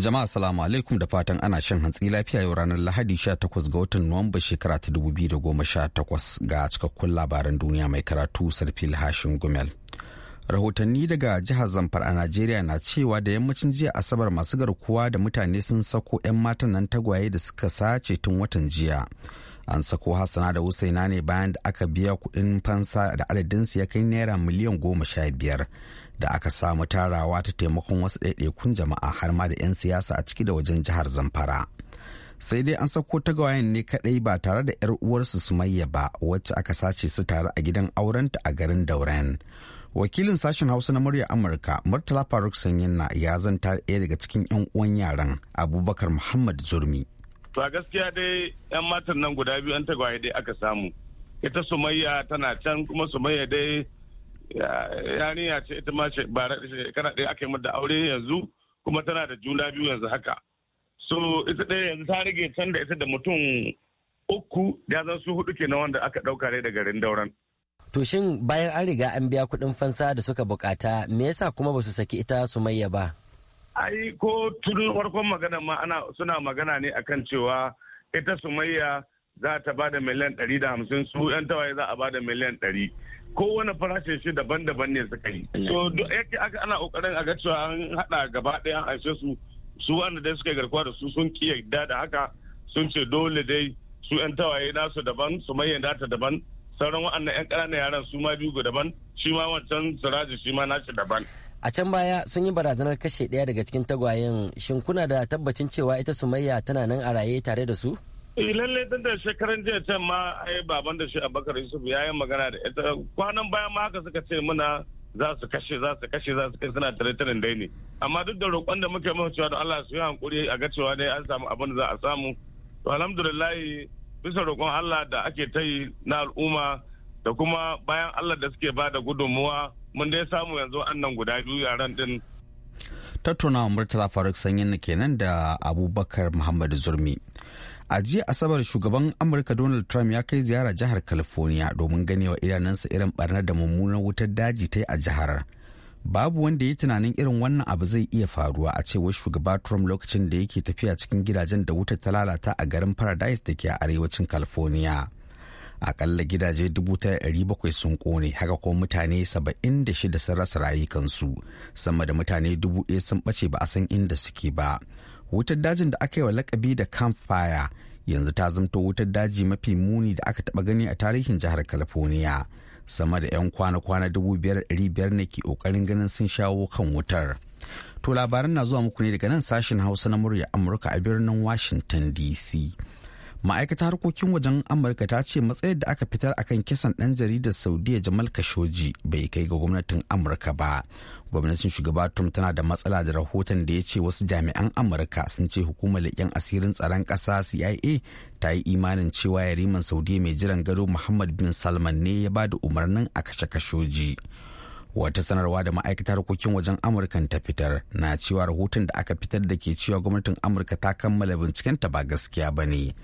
Jama'a salamu alaikum da fatan ana shan hantsi lafiya yau ranar Lahadi 18 ga watan Nuwamba shekara ta 2018 ga cikakkun labaran duniya mai karatu Sarfil Hashin Gumel. Rahotanni daga jihar Zamfara a Najeriya na cewa da yammacin jiya Asabar masu garkuwa da mutane sun sako 'yan matan nan tagwaye da suka sace tun watan jiya. An sako Hassana da Husaina ne bayan da aka biya kuɗin fansa da adadinsu ya kai naira miliyan goma sha biyar da aka samu tarawa ta taimakon wasu ɗaiɗaikun jama'a har ma da 'yan siyasa a ciki da wajen jihar zamfara sai dai an sako ta ne kadai ba tare da 'yar uwarsu sumayya ba wacce aka sace su tare a gidan aurenta a garin dauren wakilin sashen hausa na murya amurka murtala faruk sanyinna ya zanta ɗaya daga cikin 'yan uwan yaran abubakar muhammad zurmi Ba gaskiya dai 'yan matan nan guda biyu an tagwaye dai aka samu ita sumayya tana can kuma sumayya dai yarinya ce ita ma shekara ɗaya aka yi mata aure yanzu kuma tana da juna biyu yanzu haka so ita ɗaya yanzu ta rage can da ita da mutum uku ya zan su hudu kenan wanda aka ɗauka ne da garin dauran to shin bayan an riga an biya kuɗin fansa da suka bukata me yasa kuma basu saki ita su sumayya ba ai ko tun farkon magana ma ana suna magana ne akan cewa ita sumayya za ta ba da miliyan ɗari da hamsin su yan tawaye za a ba da miliyan ɗari kowane farashin shi daban-daban ne suka yi so yake aka ana kokarin a ga cewa an haɗa gaba ɗaya an aishe su su wanda dai suka garkuwa da su sun ki yarda da haka sun ce dole dai su yan tawaye nasu daban su data daban sauran waɗannan yan ƙananan yaran su ma biyu daban shi ma wancan siraji shi ma nashi daban a can baya sun yi barazanar kashe ɗaya daga cikin tagwayen shin kuna da tabbacin cewa ita sumayya tana nan a raye tare da su Eh, lallai dan da shekaran jiya can ma ai baban da shi abakar yusuf ya yi magana da ita kwanan bayan ma haka suka ce muna za su kashe za su kashe za su kai suna tare dai ne amma duk da roƙon da muke mahu cewa da Allah su yi hankuri a ga cewa dai an samu abin da za a samu to alhamdulillah bisa roƙon Allah da ake ta yi na al'umma da kuma bayan Allah da suke ba da gudunmuwa mun dai samu yanzu annan guda biyu yaran din tattaunawa murtala faruk sanyin kenan da abubakar muhammad zurmi a jiya asabar shugaban amurka donald trump ya kai ziyara jihar california domin ganewa idanunsa irin barnar da mummunar wutar daji ta yi a jihar babu wanda ya tunanin irin wannan abu zai iya faruwa a cewar shugaba trump lokacin da yake tafiya cikin gidajen da wutar ta lalata a garin paradise da ke a arewacin california akalla gidaje 1,700 sun kone haka kuma mutane 76 sun rasa rayukansu sama da mutane 1,000 sun bace ba a san inda suke ba wutar dajin da aka yi wa lakabi da campfire yanzu ta zamto wutar daji mafi muni da aka taba gani a tarihin jihar california sama da 'yan kwana-kwana biyar ne ke kokarin ganin sun shawo kan wutar to labaran na zuwa muku ne daga nan sashen hausa na murya amurka a birnin washington dc Ma'aikata harkokin wajen amurka ta ce matsayar da aka fitar a kan kisan ɗan jaridar saudiya jamal kashoji bai kai ga gwamnatin amurka ba gwamnatin shugaba trump tana da matsala da rahoton da ya ce wasu jami'an amurka sun ce hukumar leƙen asirin tsaron ƙasa cia ta yi imanin cewa yariman saudiya mai jiran gado muhammad bin salman ne ya ba da umarnin a kashe kashoji. wata sanarwa da ma'aikatar harkokin wajen amurkan ta fitar na cewa rahoton da aka fitar da ke cewa gwamnatin amurka ta kammala binciken ta ba gaskiya ba ne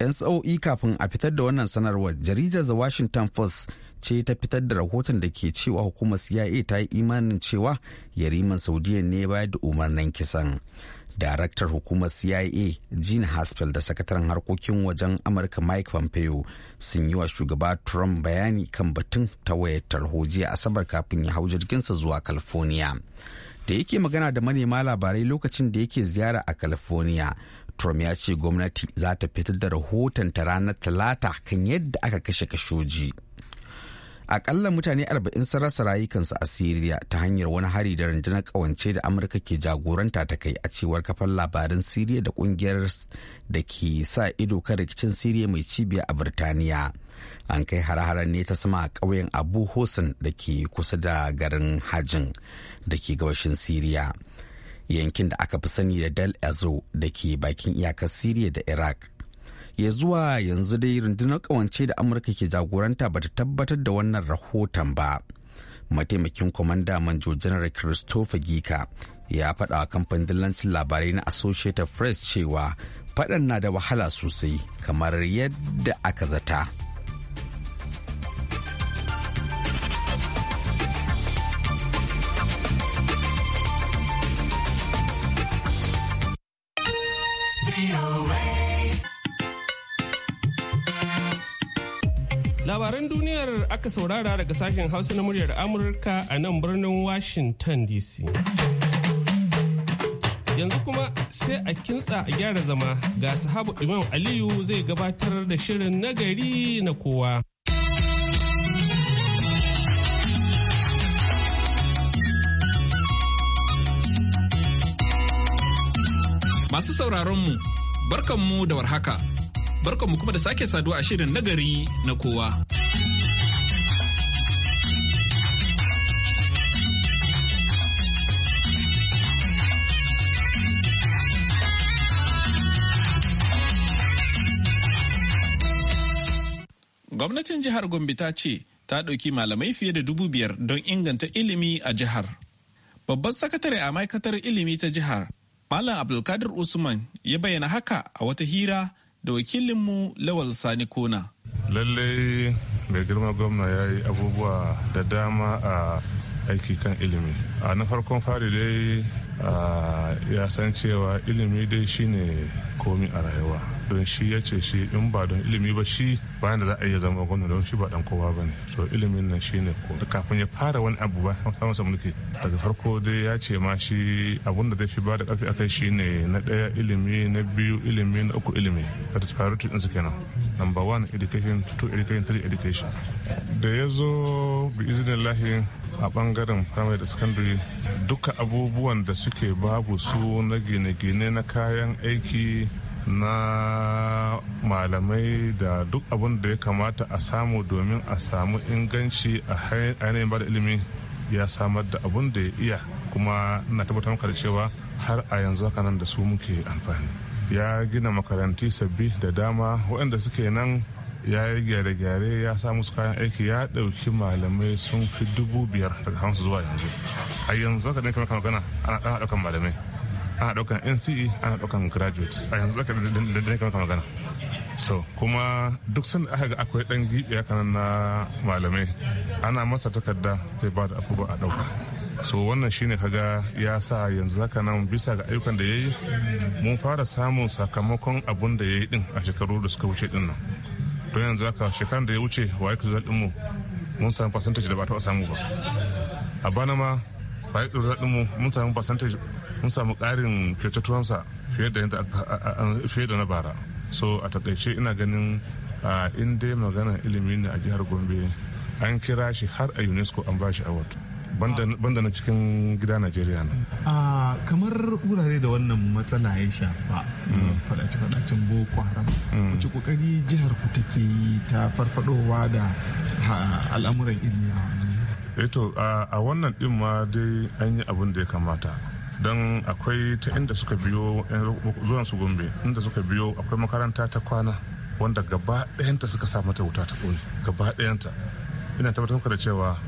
yan sa'o'i kafin a fitar da wannan sanarwar jaridar the washington post ce ta fitar da rahoton da ke cewa hukumar cia ta yi imanin cewa yariman saudiya ne bayar da umarnin kisan daraktar hukumar cia Jean haspel da sakataren harkokin wajen amurka mike pompeo sun yi wa shugaba trump bayani kan batun ta wayar a jiya asabar kafin ya hau jirginsa zuwa california da yake magana da manema labarai lokacin da yake ziyara a california trump ya ce gwamnati za ta fitar da rahoton ta ranar talata kan yadda aka kashe kashoji. akalla mutane 40 sun rasa rayukansu a Siriya ta hanyar wani hari da rundunar kawance da Amurka ke jagoranta ta kai a cewar kafar labarin Siriya da kungiyar da ke sa ido kan rikicin Siriya mai cibiya a Birtaniya. An kai hare ne ta sama a ƙauyen Abu Hosin da ke kusa da garin Hajin da ke gabashin Siriya. Yankin da aka fi sani da Dal Ezo da ke bakin iyakar Siriya da Iraq. ya zuwa yanzu dai rundunar kawance da amurka ke jagoranta ba ta tabbatar da wannan rahoton ba mataimakin kwamanda manjo janar christopher gika ya faɗa a kamfanin dillancin labarai na associated press cewa faɗan na da wahala sosai kamar yadda aka zata. saurara daga sashen Hausa na muryar Amurka a nan birnin Washington DC. Yanzu kuma sai a kintsa a gyara zama ga sahabu Imam Aliyu zai gabatar da shirin nagari na kowa. Masu sauraronmu, barkanmu da warhaka, barkanmu kuma da sake saduwa a shirin nagari na kowa. Gwamnatin jihar Gombe ta ce ta ɗauki malamai fiye da dubu biyar don inganta ilimi a jihar. Babban sakatare a ma'aikatar ilimi ta jihar, Malam Abdulkadir Usman ya bayyana haka a wata hira da wakilinmu Lawal Sani Kona. Lallai mai girma gwamna ya yi abubuwa da dama a aiki kan ilimi. A na farkon fari dai ya san cewa ilimi dai shine komi a rayuwa. kiran shi ya ce shi in ba don ilimi ba shi bayan da za a iya zama gwamna don shi ba dan kowa ba ne so ilimin nan shi ne ko kafin ya fara wani abu ba samun samun mulki daga farko dai ya ce ma shi abun da zai fi ba da karfi akai shi ne na daya ilimi na biyu ilimi na uku ilimi a is su kenan number one education two education three education da ya zo bi izinin a bangaren primary da secondary duka abubuwan da suke babu su na gine-gine na kayan aiki na malamai da duk abin da ya kamata a samu domin a samu inganci a ainihin ba da ilimi ya samar da abin da ya iya kuma na tabbatar maka da cewa har a yanzu haka nan da su muke amfani ya gina makaranti sabbi da dama waɗanda suke nan ya yi gyare-gyare ya samu musu kayan aiki ya ɗauki malamai sun fi dubu biyar daga hamsin zuwa yanzu a yanzu haka ne kamar magana ana ɗaukar malamai ana daukan nce ana daukan graduates a yanzu aka da kama magana so kuma duk sun aka ga akwai dan gibi haka na malamai ana masa takarda sai ba da abubuwa a dauka so wannan shine kaga ya sa yanzu haka nan bisa ga ayyukan da ya yi mun fara samun sakamakon abun da ya yi din a shekaru da suka wuce din nan don yanzu haka shekaran da ya wuce wa ya din mu mun samu percentage da ba taɓa samu ba a bana ma wa ya din mu mun samu percentage mun samu ƙarin kyautatuwansa fiye da na bara so a takaice ina ganin in dai magana ilimi ne a jihar gombe an kira shi har a unesco an ba shi award banda na cikin gida najeriya a kamar wurare da wannan matsala ya shafa mm. eh, fadace-fadacen boko haram mm. wace kokari jihar ku take yi ta farfadowa da al'amuran ilimi a wannan eh a wannan din ma dai an yi abin da ya kamata don akwai ta inda suka biyo eh, zuwan su gombe inda suka biyo akwai makaranta ta kwana wanda gaba ɗayanta suka sa mata wuta ta kone gaba ɗayanta ina tabbatar muka da cewa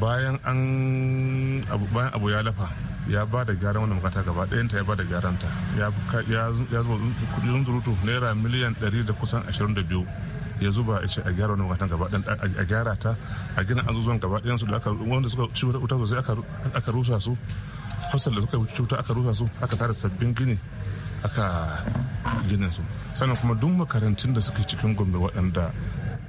bayan an bayan abu ya lafa ya ba da gyaran wannan makaranta gaba ɗayanta ya ba da gyaran ta ya zuba kudin zurutu naira miliyan ɗari da kusan ashirin da biyu ya zuba ya ce a gyara wani makaranta gaba ɗan a gyara ta a gina azuzuwan gaba ɗayan su da aka wanda suka ci wuta sosai aka rusa su hausar da suka cuta aka rusa su aka tara sabbin gini aka ginin su sannan kuma duk makarantun da suke cikin gombe waɗanda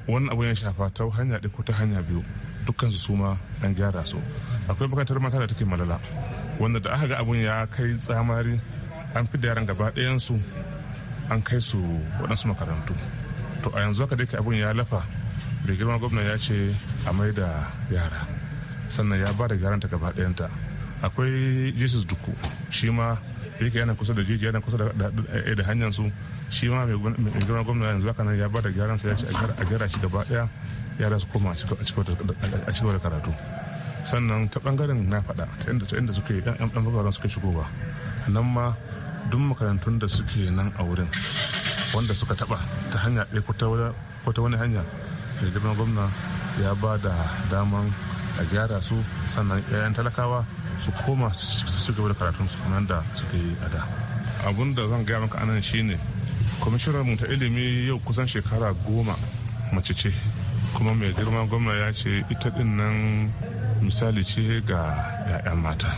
wannan abun ya shafa ta hanya ɗaya ko ta hanya biyu dukkansu su ma an gyara su akwai makarantar mata da take malala wanda da aka ga abun ya kai tsamari an fi da yaran gaba ɗayansu an kai su waɗansu makarantu to a yanzu haka dake abun ya lafa bai girma gwamna ya ce a mai da yara sannan ya ba da gyaran ta gaba ɗayanta akwai jesus duku shi ma yake yana kusa da jijiya yana kusa eh, da hanyar su shi ma mai girma gwamna yanzu haka nan ya ba da gyaran sa ya ce a gyara shi gaba daya yara su koma a cikin karatu sannan ta bangaren na faɗa ta inda ta inda suke yan bangaren suke ba nan ma duk makarantun da suke nan a wurin wanda suka taba ta hanya ɗaya ko ta wani hanya mai girma gwamna ya ba da daman a gyara su sannan 'ya'yan talakawa su koma su gaba da karatun su kamar da suka yi a da abun da zan gaya maka anan shine kwamishinar mu ta ilimi yau kusan shekara goma mace ce kuma mai girma gwamna ya ce ita din nan misali ce ga 'ya'yan mata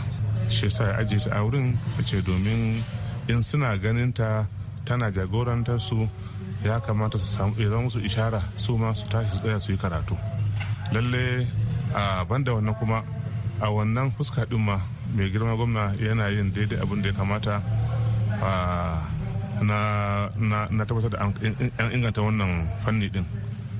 shi yasa ya ajiye ta a wurin ce domin in suna ganin ta tana jagorantar su ya kamata su samu ya zama su ishara su ma su tashi su tsaya su yi karatu lalle a banda wannan kuma a wannan fuska din ma mai girma gwamna yana yin daidai abin da ya kamata na tabbatar da an inganta wannan fanni din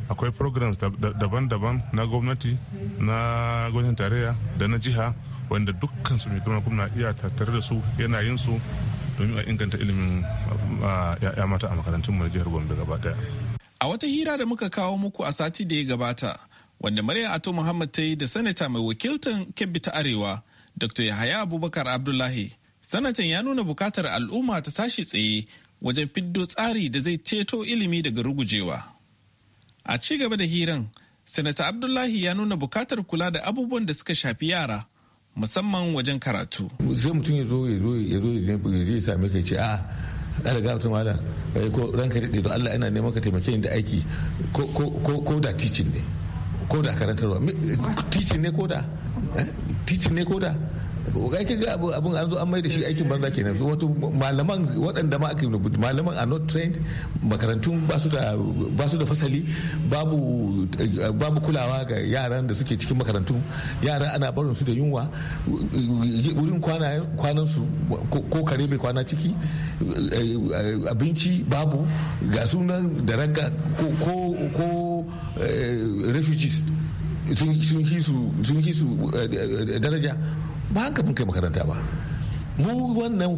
akwai programs daban-daban na gwamnati na gwamnatin tarayya da na jiha wanda dukkan su mai girma gwamna iya tattare da su yana yin su domin a inganta ilimin ya mata a makarantun mu jihar gombe gaba daya a wata hira da muka kawo muku a sati da ya gabata wanda Maryam Ato Muhammad ta yi da sanata mai wakiltan Kebbi ta Arewa, Dr. Yahaya Abubakar Abdullahi. Sanatan ya nuna bukatar al'umma ta tashi tsaye wajen fiddo tsari da zai ceto ilimi daga rugujewa. A ci gaba da hiran, Sanata Abdullahi ya nuna bukatar kula da abubuwan da suka shafi yara musamman wajen karatu. Sai mutum ya zo ya zo ya zo ya same ka ce a ga mutum malam eh, ko ranka da ɗaya Allah yana neman ka taimake da aiki ko da teaching ne. koda da karantarwa titi ne koda eh? titi ne koda aikin ga abin an zo an mai da shi aikin banza ke nan wato malaman waɗanda ma aka malaman are not trained makarantun ba su da fasali babu kulawa ga yaran da suke cikin makarantun yara ana barin su da yunwa wurin kwanan su ko kare bai kwana ciki eh, eh, abinci babu ga sunan da ragga ko Eh, refugees sun yi su eh, daraja ba haka mun kai makaranta ba mu wannan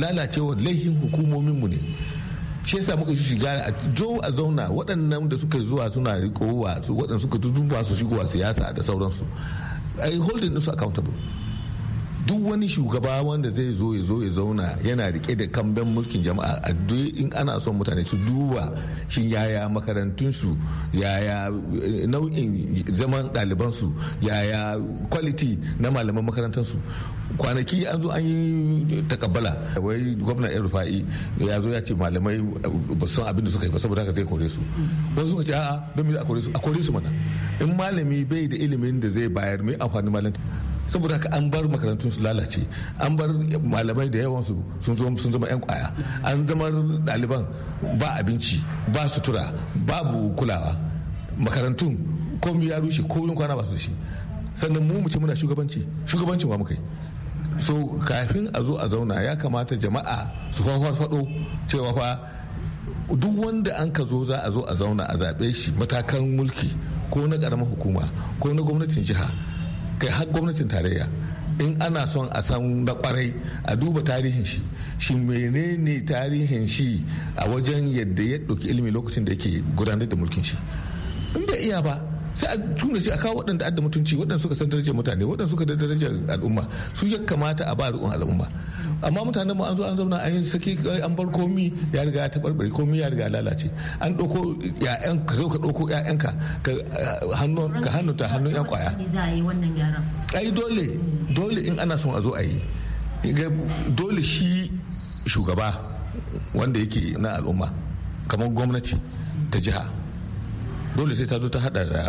lalacewa laifin hukumominmu ne shi yasa muka shiga a jo a zauna waɗannan da suka zuwa suna riƙowa waɗanda suka tutuwa su shigowa siyasa da sauransu a yi holding su accountable duk wani shugaba wanda zai zo ya zo ya zauna yana rike da kamben mulkin jama'a a in ana son mutane su duba shin yaya makarantunsu yaya eh, nau'in zaman ɗalibansu yaya kwaliti na malaman makarantarsu kwanaki an zo an yi takabbala wai gwamna yan rufa'i ya zo ya ce malamai eh, ba san abin da suka yi ba saboda haka zai kore su wasu suka ce a'a don me a kore su a kore su mana in malami bai da ilimin da zai bayar mai amfani malam saboda haka an bar makarantun su lalace an bar malamai da yawan su sun zama yan kwaya an zama ɗaliban ba abinci ba sutura babu kulawa makarantun komi ya rushe ko wurin kwana ba su shi sannan mu muce muna shugabanci shugabancin wa muka so kafin a zo a zauna ya kamata jama'a su farfado cewa fa duk wanda an ka zo za a zo a zauna a zaɓe shi matakan mulki ko na ƙaramar hukuma ko na gwamnatin jiha kai har gwamnatin tarayya in ana son a san na kwarai a duba tarihin shi shi menene tarihin shi a wajen yadda ya ɗauki ilimi lokacin da yake gudanar da mulkin shi in bai iya ba sai a tuna shi a kawo waɗanda adda mutunci waɗanda suka san darajar mutane waɗanda suka da darajar al'umma su ya kamata a ba al'umma amma mutanen mu an zo an zauna an yi saki an bar komi ya riga ya tabarbare komi ya riga lalace an ɗauko ƴaƴan ka zo ka ɗauko ƴaƴanka ka eh, hannun ka hannu ta hannun ƴan kwaya ai dole dole in ana son a zo a yi dole shi shugaba wanda yake na al'umma kamar gwamnati ta jiha dole sai ta zo ta hada da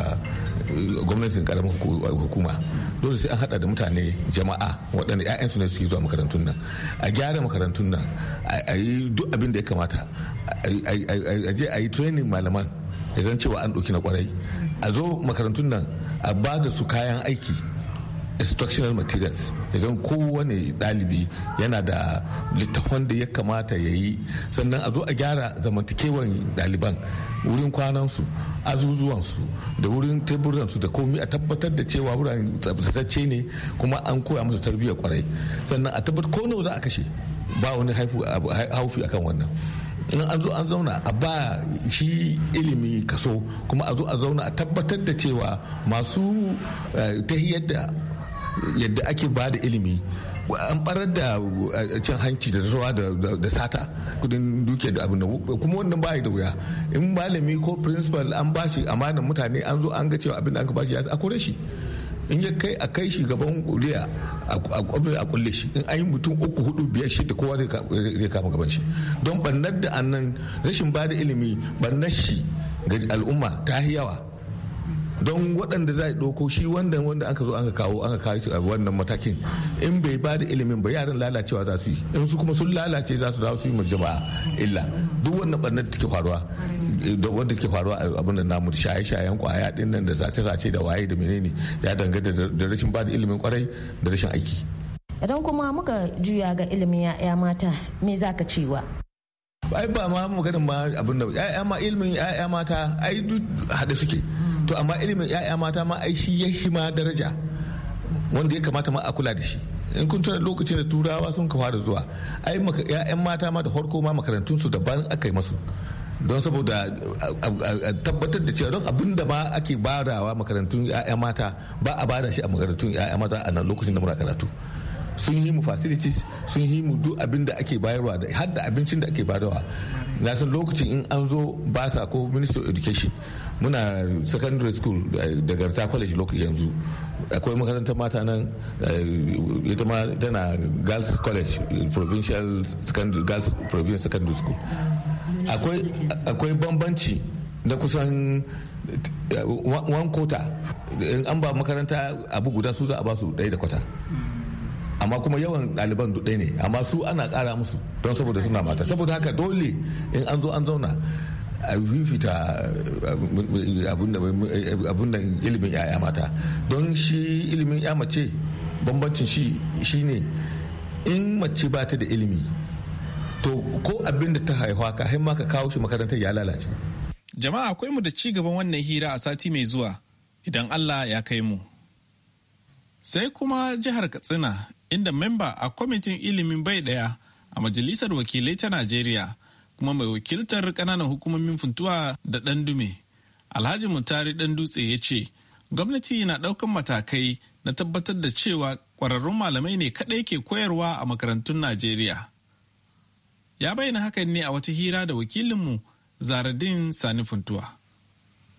eh, gwamnatin karamin hukuma dole sai an hada da mutane jama'a waɗanda 'ya'yansu ne suke zuwa makarantun nan a gyara makarantun nan a yi duk abin da ya kamata a je a yi training malaman ya zan cewa an ɗauki na kwarai a zo makarantun nan a ba da su kayan aiki instructional materials idan kowane dalibi yana da littafan da ya kamata ya yi sannan a zo a gyara zamantakewan daliban wurin kwanansu azuzuwansu da wurin teburansu da komi a tabbatar da cewa wurin tsabtace ne kuma an koya musu tarbiyyar kwarai sannan a tabbatar ko nawa za a kashe ba wani haufi akan wannan in an zo an zauna a ba shi ilimi kaso kuma a zo a zauna a tabbatar da cewa masu eh, tahiyar da yadda ake ba da ilimi an barar da eh, cin hanci da rawa da sata kudin duke da da kuma wannan ba da wuya in malami ko principal an ba shi amanan mutane an zo an ga cewa abin da aka ba shi ya kore shi in ya kai a kai shi gaban kuriya a kulle shi in ayi mutum uku hudu biyar shi da kowa zai kama gaban shi don bannar da annan rashin ba da ilimi bannar shi ga al'umma ta yawa don waɗanda za a ɗauko shi wanda wanda aka zo aka kawo aka kawo shi a wannan matakin in bai ba da ilimin ba yaran lalacewa za su yi in su kuma sun lalace za su dawo su yi ma jama'a illa duk wannan ɓarnar da ke faruwa da wanda ke faruwa a abin da namu shaye-shayen kwaya din nan da sace-sace da waye da menene ya danganta da rashin ba da ilimin kwarai da rashin aiki idan kuma muka juya ga ilimin ya'ya mata me zaka cewa ai ba ma maganin ma abin da ya'ya ma ilimin ya'ya mata ai duk hada suke to amma ilimin ya'ya mata ma ai shi yahi ma daraja wanda ya kamata ma a kula da shi in kun tuna lokacin da turawa sun ka fara zuwa ai ya'yan mata ma da farko ma makarantun su daban aka yi masu don saboda a tabbatar da cewa don abin da ma ake badawa makarantun 'ya'ya mata ba a bada shi a makarantun 'ya'ya mata a nan lokacin da muna karatu sun yi mu facilities sun yi mu duk abin da ake bayarwa da har da abincin da ake bayarwa na san lokacin in an zo basa ko minister of education muna secondary school eh, da garta college yanzu akwai makarantar mata nan eh, ita ma tana girls college provincial secondary girls provincial secondary school akwai bambanci na kusan eh, one quarter in an ba makaranta abu guda su za a ba su ɗaya da kwata amma kuma yawan ɗaliban ɗaya ne amma su ana ƙara musu don saboda suna mata saboda haka dole in an zo an zauna a fifita ilimin 'ya'ya mata don shi ilimin 'ya mace bambancin shi ne in mace ba ta da ilimi to ko abin da ta haihuwa ka ma ka kawo shi makarantar ya lalace jama'a akwai mu da ci gaban wannan hira a sati mai zuwa idan allah ya kai mu sai kuma jihar katsina inda memba a kwamitin ilimin bai daya a majalisar wakilai ta najeriya kuma mai wakiltar ƙananan hukumomin funtuwa da ɗan dume. Alhaji Mutari ɗan dutse ya ce, gwamnati na ɗaukan matakai na tabbatar da cewa ƙwararrun malamai ne kaɗai ke koyarwa a makarantun Najeriya. Ya bayyana hakan ne a wata hira da wakilinmu Zaradin Sani Funtuwa.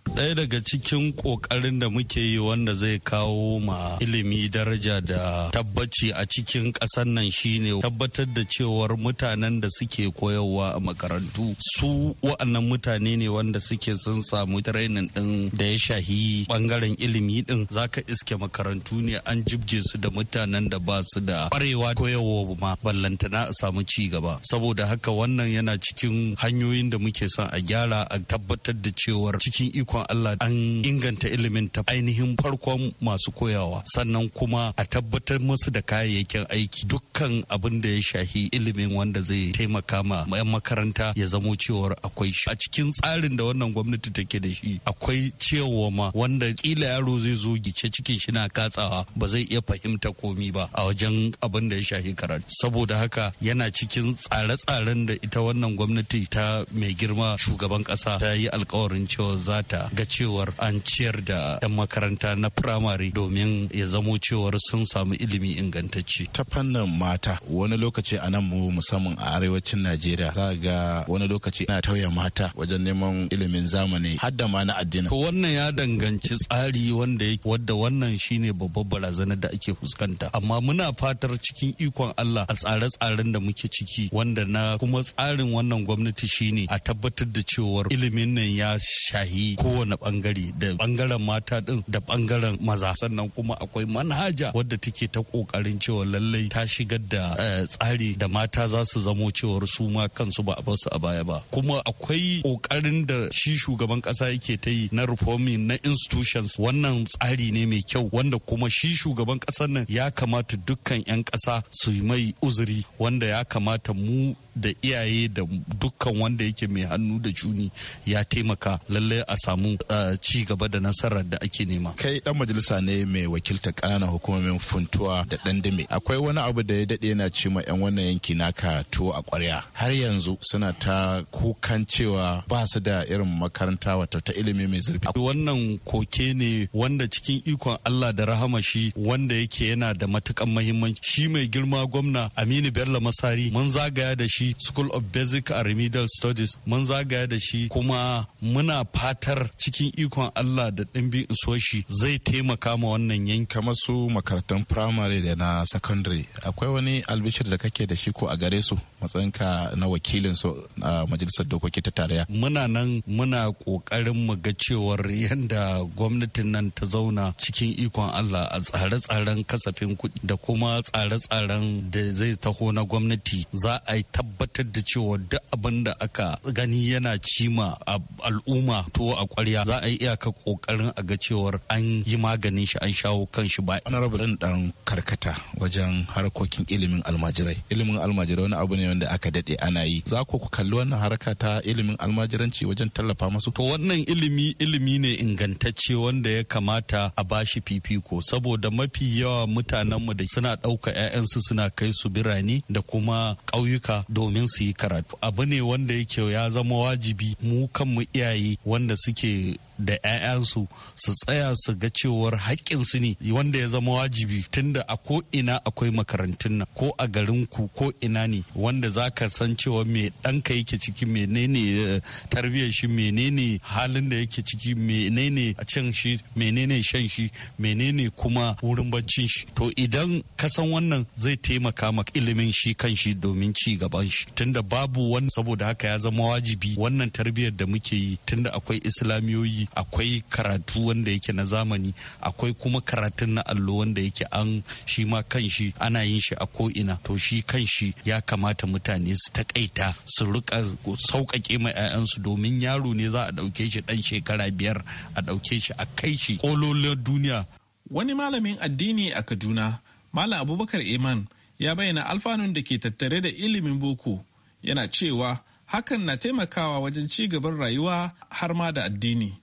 ɗaya daga cikin ƙoƙarin da muke yi wanda zai kawo ma ilimi daraja da tabbaci a cikin ƙasar nan shine tabbatar da cewar mutanen da suke koyarwa a makarantu su wa'annan mutane ne wanda suke sun samu training ɗin da ya shahi ɓangaren ilimi ɗin zaka iske makarantu ne an jibge su da mutanen da ba su da ƙwarewa koyarwa ma ballantana a samu ci gaba saboda haka wannan yana cikin hanyoyin da muke son a gyara a tabbatar da cewar cikin iko ikon Allah an inganta ilimin ta ainihin farkon masu koyawa sannan kuma a tabbatar musu da kayayyakin aiki dukkan abin da ya shahi ilimin wanda zai taimaka ma 'yan makaranta ya zamo cewar akwai shi a cikin tsarin da wannan gwamnati take da shi akwai cewa ma wanda kila yaro zai zo gice cikin shi na katsawa ba zai iya fahimta komi ba a wajen abin da ya shahi karatu saboda haka yana cikin tsare-tsaren da ita wannan gwamnati ta mai girma shugaban kasa ta yi alkawarin cewa za ta ga cewar an ciyar da 'yan makaranta na firamare domin ya zamo cewar sun samu ilimi ingantacce. Ta fannin mata wani lokaci a nan mu musamman a arewacin Najeriya za ga wani lokaci ana tauye mata wajen neman ilimin zamani har da ma na addini. To wannan ya danganci tsari wanda wadda wannan shine babbar barazanar da ake fuskanta amma muna fatar cikin ikon Allah a tsare-tsaren da muke ciki wanda na kuma tsarin wannan gwamnati shine a tabbatar da cewar ilimin nan ya shahi ko kowane bangare da bangaren mata din da bangaren maza sannan kuma akwai manhaja wadda take ta kokarin cewa lallai ta shigar da eh, tsari da mata za su zamo cewar su ma kansu ba a basu a baya ba kuma akwai kokarin da shi shugaban kasa yake ta yi na reforming na institutions wannan tsari ne mai kyau wanda kuma shi shugaban kasar nan ya kamata dukkan 'yan kasa su yi mai uzuri wanda ya kamata mu da iyaye da dukkan wanda yake mai hannu da juni ya taimaka lallai a samu ci gaba da nasarar da ake nema kai dan majalisa ne mai wakilta kananan hukumomin funtuwa da dandame akwai wani abu da ya dade yana ce ma yan wannan yanki naka tuwo a kwarya har yanzu suna ta kukan cewa ba su da irin makaranta wata ta ilimi mai zurfi wannan koke ne wanda cikin ikon Allah da rahama shi wanda yake yana da matukan mahimmanci shi mai girma gwamna Aminu Bello Masari mun zagaya da shi shi School of Basic and Remedial Studies mun zagaya da shi kuma muna fatar cikin ikon Allah da ɗimbin isoshi zai taimaka ma wannan yanki. Kamar su makarantun primary da na secondary akwai wani albishir da kake da shi ko a gare su matsayinka na wakilin su a majalisar dokoki ta tarayya. Muna nan muna ƙoƙarin mu ga cewar yadda gwamnatin nan ta zauna cikin ikon Allah a tsare-tsaren kasafin kuɗi da kuma tsare-tsaren da zai taho na gwamnati za a yi tabbata tabbatar da cewa duk abin da aka gani yana cima a al'umma to a kwarya za a yi iyaka kokarin a ga cewar an yi maganin shi an shawo kan shi ba ana rabu dan dan karkata wajen harkokin ilimin almajirai ilimin almajirai wani abu ne wanda aka dade ana yi za ku kalli wannan harka ta ilimin almajiranci wajen tallafa masu to wannan ilimi ilimi ne ingantacce wanda ya kamata a bashi fifiko saboda mafi yawa mutanenmu da suna ɗauka 'ya'yansu suna kai su birane da kuma ƙauyuka domin su yi karatu abu ne wanda yake ya zama wajibi mu kanmu iyaye wanda suke da 'ya'yansu su tsaya su ga cewar haƙƙinsu ne wanda ya zama wajibi tunda a ko ina akwai makarantun nan ko a garinku ko ina ne wanda za ka san cewa me ɗanka yake ciki menene eh, tarbiyyar shi menene halin da yake ciki menene can shi menene shan shi menene kuma wurin baccin shi to idan ka san wannan zai taimaka maka ilimin shi kan shi domin ci gaban shi tunda babu wani saboda haka ya zama wajibi wannan tarbiyyar da muke yi tunda akwai islamiyoyi akwai karatu wanda yake na zamani akwai kuma karatun na allo wanda yake an shi ma kan shi ana yin shi a ko ina. to shi kan shi ya kamata mutane su takaita su rika sauƙaƙe ma 'ya'yansu domin yaro ne za a ɗauke shi ɗan shekara biyar a ɗauke shi a kai shi ƙololin duniya. Wani malamin addini a Kaduna, Malam Abubakar Iman, ya bayyana alfanun da ke tattare da ilimin boko yana cewa hakan na taimakawa wajen ci gaban rayuwa har ma da addini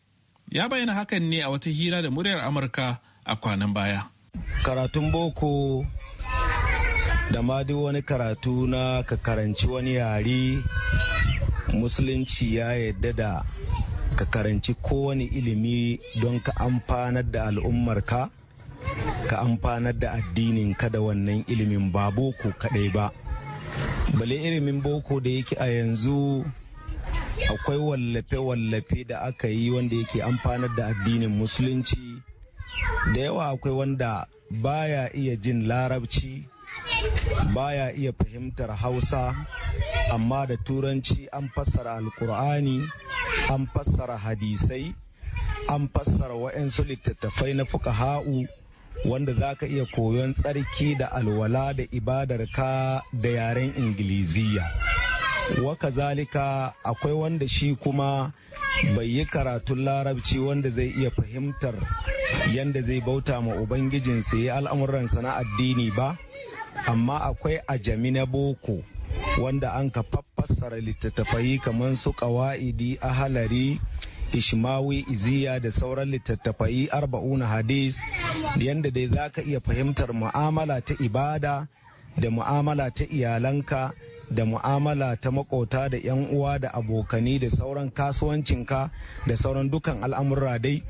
ya bayyana hakan ne a wata hira da muryar amurka a kwanan baya karatun boko da ma duk wani karatu na ka karanci wani yare musulunci ya yadda da ka karanci kowane ilimi don ka amfanar da al'ummarka ka amfanar da addinin ka da wannan ilimin ba boko kaɗai ba bale ilimin boko da yake a yanzu akwai wallafe-wallafe da aka yi wanda yake amfanar da addinin musulunci da yawa akwai wanda baya iya jin larabci baya iya fahimtar hausa amma da turanci an fassara alkur'ani an fassara hadisai an fassara wa'yansu littattafai na fuka ha'u wanda za ka iya koyon tsarki da alwala da ibadar ka da yaren ingiliziya waka zalika akwai wanda shi kuma bai yi karatun larabci wanda zai iya fahimtar yadda zai bauta ma ubangijinsa ya al'amuransa na addini ba amma akwai ajami na boko wanda an ka faffassara littattafai kamar su a halari ishmawi iziya da sauran littattafai na hadis yadda dai za ka iya fahimtar mu'amala ta ibada da mu'amala ta iyalanka da mu'amala ta makota da 'yan uwa da abokani da sauran kasuwancinka da sauran dukan al'amurra dai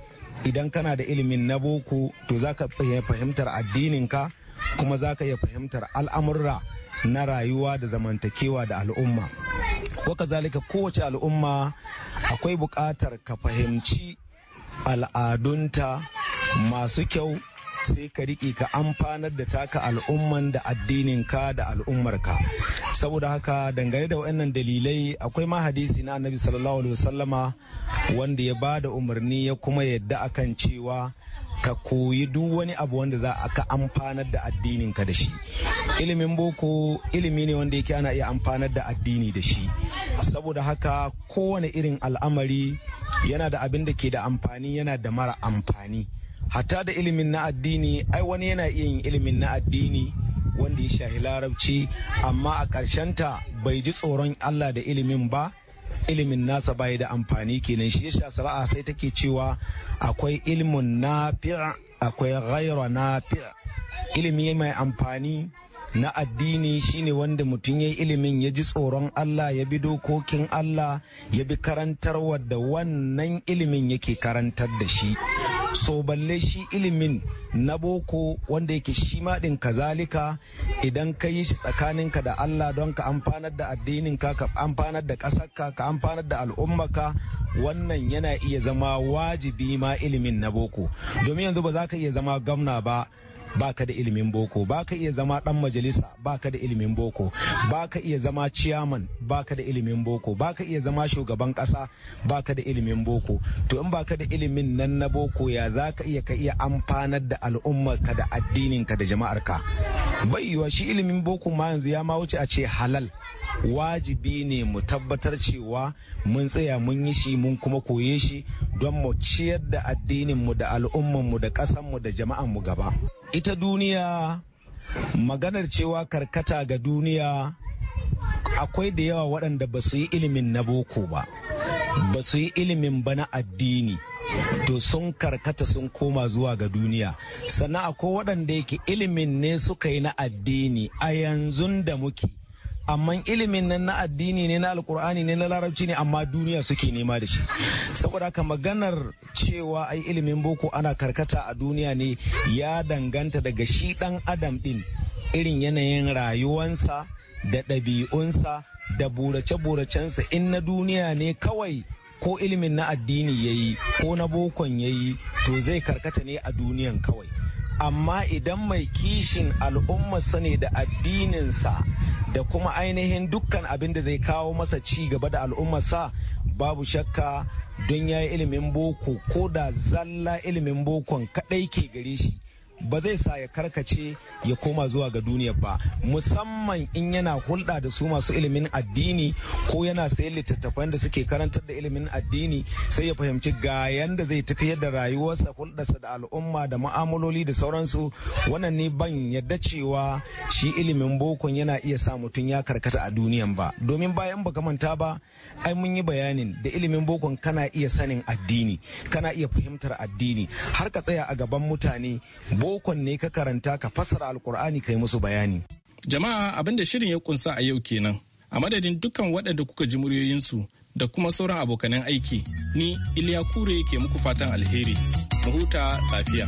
idan kana da ilimin na boko to za ka fahimtar addininka kuma za ka iya fahimtar al'amurra na rayuwa da zamantakewa da al'umma waka zalika kowace al'umma akwai buƙatar ka fahimci al'adunta masu kyau sai ka riƙe ka amfanar da taka al'umman da addininka da al'ummarka saboda haka dangane da waɗannan dalilai akwai mahadisi hadisi na annabi sallallahu alaihi wasallama wanda ya ba da umarni ya kuma yadda akan cewa ka koyi duk wani abu wanda za a ka amfanar da addinin ka da shi ilimin boko ilimi ne wanda yake ana iya amfanar da addini da shi saboda haka kowane irin al'amari yana da abin da ke da amfani yana da mara amfani hatta da ilimin na addini ai wani yana iya yin ilimin na addini wanda ya shahi larabci amma a ta bai ji tsoron allah da ilimin ba ilimin nasa bai da amfani kenan shi yasa sara'a sai take cewa akwai ilimin nafi'a akwai ghayra nafi'a ilimi mai amfani na addini shine wanda mutum ya yi ilimin ya ji tsoron Allah ya bi dokokin Allah ya bi karantarwa da wannan ilimin yake karantar da shi so balle shi ilimin na boko wanda yake shi maɗin kazalika idan ka yi shi tsakaninka da allah don ka amfanar da addininka ka amfanar da ƙasarka ka amfanar da al'ummaka wannan yana iya zama wajibi ma ilimin na boko domin yanzu ba za ka iya zama gwamna ba baka da ilimin boko baka iya zama dan majalisa baka da ilimin boko baka iya zama ciyaman baka da ilimin boko baka iya zama shugaban kasa baka da ilimin boko to in baka da ilimin nan na boko ya zaka iya ka iya amfanar da al'ummarka da addininka da jama'arka bai yiwa shi ilimin boko ma yanzu ya ma wuce a ce halal wajibi ne mu tabbatar cewa mun tsaya mun yi shi mun kuma koye shi don mu ciyar da addininmu da al'ummanmu da ƙasanmu da jama'anmu gaba ita duniya maganar cewa karkata ga duniya akwai da yawa waɗanda ba su yi ilimin na boko ba ba su yi ilimin ba na addini to sun karkata sun koma zuwa ga duniya sannan akwai waɗanda yake ilimin ne suka yi na addini a yanzu da muke amma ilimin nan na addini ne na alkur'ani ne na larabci ne amma duniya suke nema da shi saboda haka maganar cewa ai ilimin boko ana karkata a duniya ne ya danganta daga shi dan adam din irin yanayin rayuwansa da ɗabi'unsa da burace-buracensa in na duniya ne kawai ko ilimin na addini yayi ko na bokon yayi to zai karkata ne a duniyan kawai amma idan mai kishin al'ummarsa ne da addininsa da kuma ainihin dukkan abin da zai kawo masa ci gaba da al'ummarsa babu shakka don ya yi ilimin boko ko da zalla ilimin bokon kadai ke gare shi ba zai sa ya karkace ya koma zuwa ga duniya ba musamman in yana hulɗa da su masu ilimin addini ko yana sayan littattafan da suke karantar da ilimin addini sai ya fahimci ga yanda zai tafi yadda rayuwarsa hulɗarsa da al'umma da ma'amaloli da sauransu wannan ne ban yadda cewa shi ilimin bokon yana iya sa mutum ya karkata a duniyan ba domin bayan ba manta ba ai mun yi bayanin da ilimin bokon kana iya sanin addini kana iya fahimtar addini har ka tsaya a gaban mutane bokon ne ka karanta ka fasara alkur'ani ka yi musu bayani jama'a abin da shirin ya kunsa a yau kenan a madadin dukkan waɗanda kuka ji muryoyinsu da kuma sauran abokanan aiki ni iliya kure ke muku fatan alheri mu huta lafiya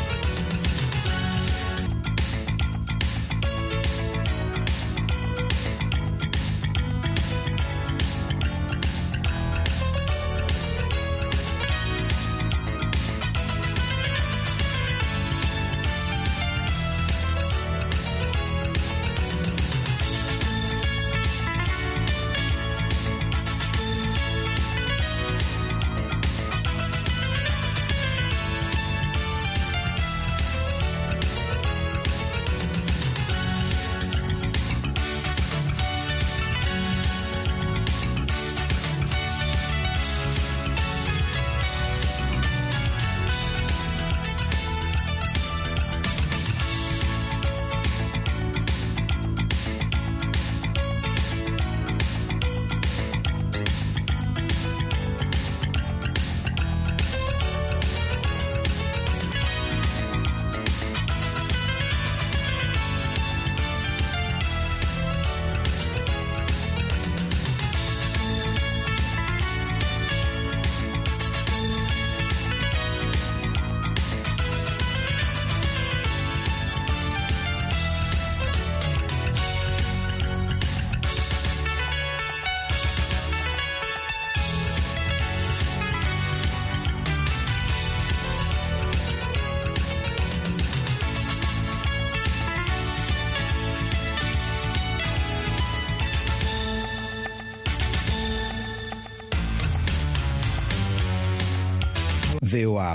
baiwa